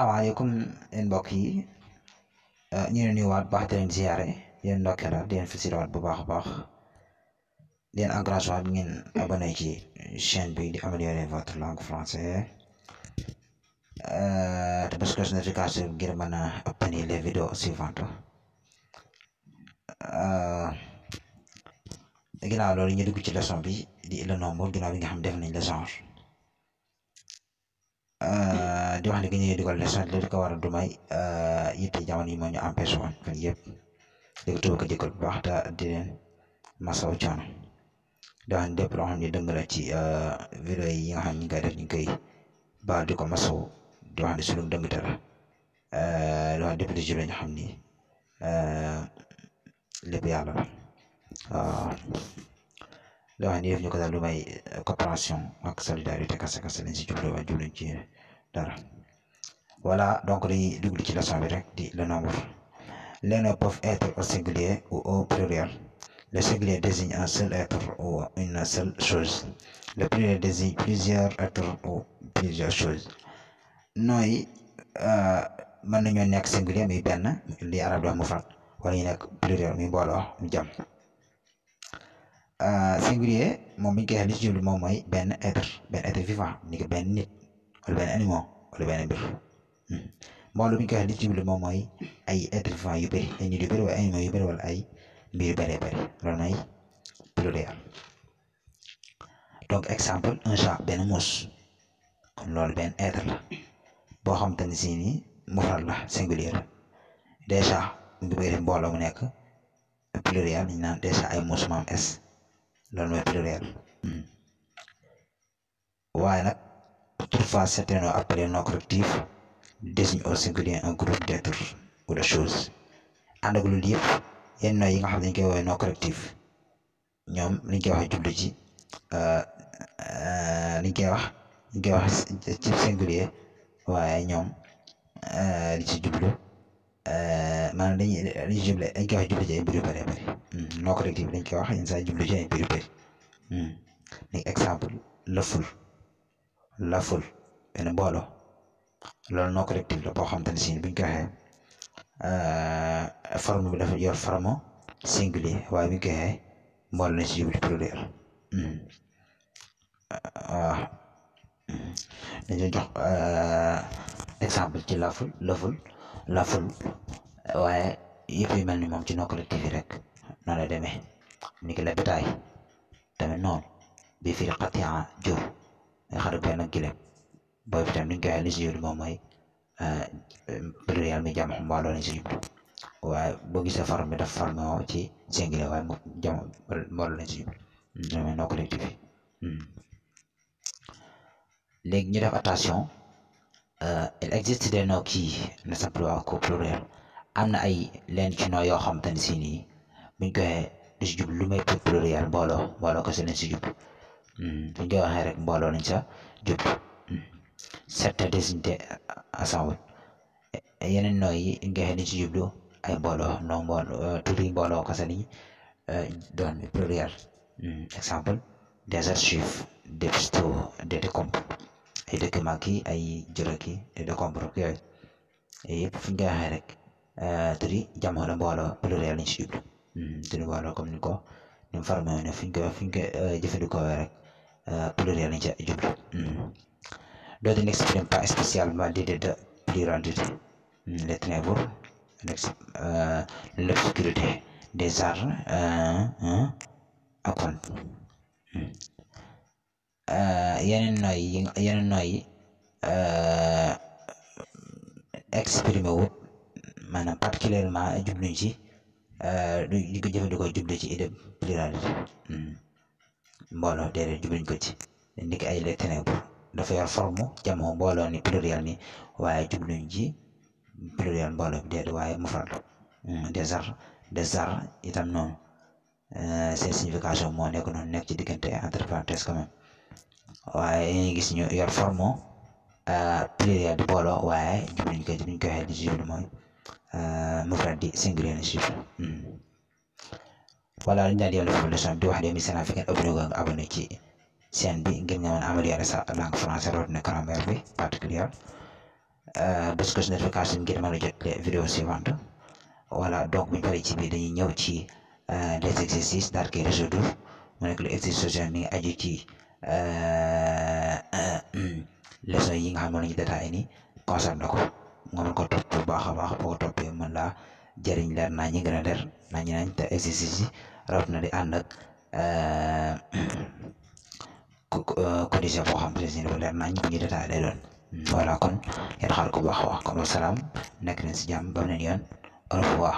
asalaamaaleykum kum mbokk yi euh, ñu ngi nuyuwaat baax di leen ziare di leen ndokkeelaat di leen bu baax a baax di leen encouragé waat ngeen abonné ci chaine bi di améliorer votre langue française euh, te bés cloche notification bi ngir mën a obtenir les vidéos suivantes euh, ginnaaw loolu ñu dugg ci leçon bi di le nombre ginnaaw bi nga xam def nañ le genre. di wax ne que ñu ngi dugal sant li ko war a dumay eh, yitte jamono yi moo ñu empêche woon fan yëpp di ko tuub ko jégal bu baax te di leen masaw coono di wax ne lépp loo xam ne dëng la ci eh, vidéo yi nga xam ne ñu ngi koy def ñu ngi koy baal di ko masaw eh, di wax ne sunu dëngte la di wax lépp lu jublu ñu xam ni lépp yàlla la waaw di wax ni yëf ñu ko daal dumay coopération ak solidarité kase kase lañ si jublu waa jubluñ ci dara voilà donc dañuy dugg ci leçon bi rek di le nombre les noms peuvent être au singulier ou au pluriel le singulier désigne un seul être ou une seule chose le pluriel désigne plusieurs êtres ou plusieurs choses noms yi euh, mën nañoo nekk singulier muy benn li arab di wax mufrad wala ñu nekk pluriel muy mbooloo mu euh, singulier moom mi ñu koy li ci jublu moom mooy benn être benn être vivant ni ko benn nit wala benn animal wala benn mbir Hmm. mbooloo mi ñu koy wax li ci jublu moom mooy ay intervenant yu wala ay animaux yu bëri wala ay mbir yu bëree bëri loolu pluriel donc exemple un chat benn muus kon loolu benn être la boo xam sini ne la singulier déjà bu bëri mbooloo mu nekk pluriel ñu naan déjà ay muus maam s loolu mooy pluriel hmm. waaye nag pour faire certains appelés non désigne au singulier un groupe d'êtres ou de choses ànd ak loolu yëpp yenn yi nga xam ne dañ koy woowee non collectif ñoom liñ koy waxee jublu ci euh, euh, liñ koy wax liñ koy wax ci singulier waaye ñoom euh, li ci jublu maanaam dañuy dañuy jublu dañ ay mbir yu bëree bëri hmm, non koy wax yenn jublu ci ay mbir hmm, exemple lëful laful benn mbooloo loolu non collectif la boo xamante ne si biñ ko waxee euh, forme bi dafa yor forme singulier waaye biñ ko waxee mbool na si jublu hmm. Hmm. Euh, exemple ci laful laful laful waaye yëpp yu mel ni moom ci non collectif yi rek noonu la demee ni ki la bétail tamit noonu bi firi xatiya jur xarit benn gileem booy bi tamit gars yi li si jublu moom mooy pluriel euh, mi jàmm xam mbooloo lañ si jublu waaye boo gisee forme bi dafa formé woo ci singulier waaye mu jàmm mbooloo lañ si jublu hmm, mooy non collectif hmm. léegi ñu def attention euh, il existe des noms qui ne s'emploient qu'au pluriel am na ay leen ci noo yoo xamante ne si nii buñ koy di si jublu lu may pluriel mbooloo mbooloo ko si lañ si jublu hmm, buñ koy waxee rek mbooloo lañ sa jublu Saturdays Day Asawul yeneen nooy yi nga xam ne ci jublu ay mbooloo non mbooloo euh, tudduy mbooloo kese don euh, doon pluriel hmm, exemple des archives des pistes des décombres ay documents ki ay jërëk yi des décombres yooyu yëpp fu ñu rek waxee rek euh, tuddi jamono mbooloo pluriel lañ ci jublu hmm, tuddi mbooloo comme ni ko ni mu formé fi ñu koy fi jëfandikoo rek pluriel lañ ci jublu hmm. D'autres n'expriment pas spécialement l'idée de pluralité, les ténèbres, euh, l'obscurité des arts euh, à compte. Hmm. Euh, yeneen nooy yi yeneen nooy yi euh, exprimé wu maanaam particulièrement jubluñ ci di ko jëfandikoo jublu ci idée pluralité hmm. mbooloo déedéet jubluñ ko ci ay les ténèbres dafa yor forme jamoo mbooloo ni pluriel ni waaye jubluñ ji pluriel mbooloo bi déedéet waaye mufrad hmm, des ar des ar itam noonu euh, signification moo nekk noonu nekk ci diggante entre parenthèses quand même waaye dañuy gis ñu yor forme euh, pluriel di mbooloo waaye jubluñ ko jubluñ ko waxee di jublu euh, mufrad di singulier ni suuf hmm. voilà dañu daan yem foofu leçon bi di wax de mi seen Africaine abonné ko ci seen bi ngir nga mën a améliorer ne langue français rawatina grammaire bi particulière bés euh, ko si notification ngir mën a jot les vidéos suivantes voilà donc bu ñu ci biir dañuy ñëw ci euh, les exercices daal koy résoudre mu nekk le exercice social mi ngi aju ci euh, leçon yi nga xam ne ñu détaillé ni concerne ko nga mën ko topp baax a baax boo ko toppee mën laa jëriñ leer naa ñi gën a leer naa ñi nañ te exercice yi rawatina di ànd Euh, cotiser foo xam ne si ne bu leer nañ bu kon ngeen xaar ko baax a wax kon wasalaam nekk si jàmm ba beneen yoon au revoir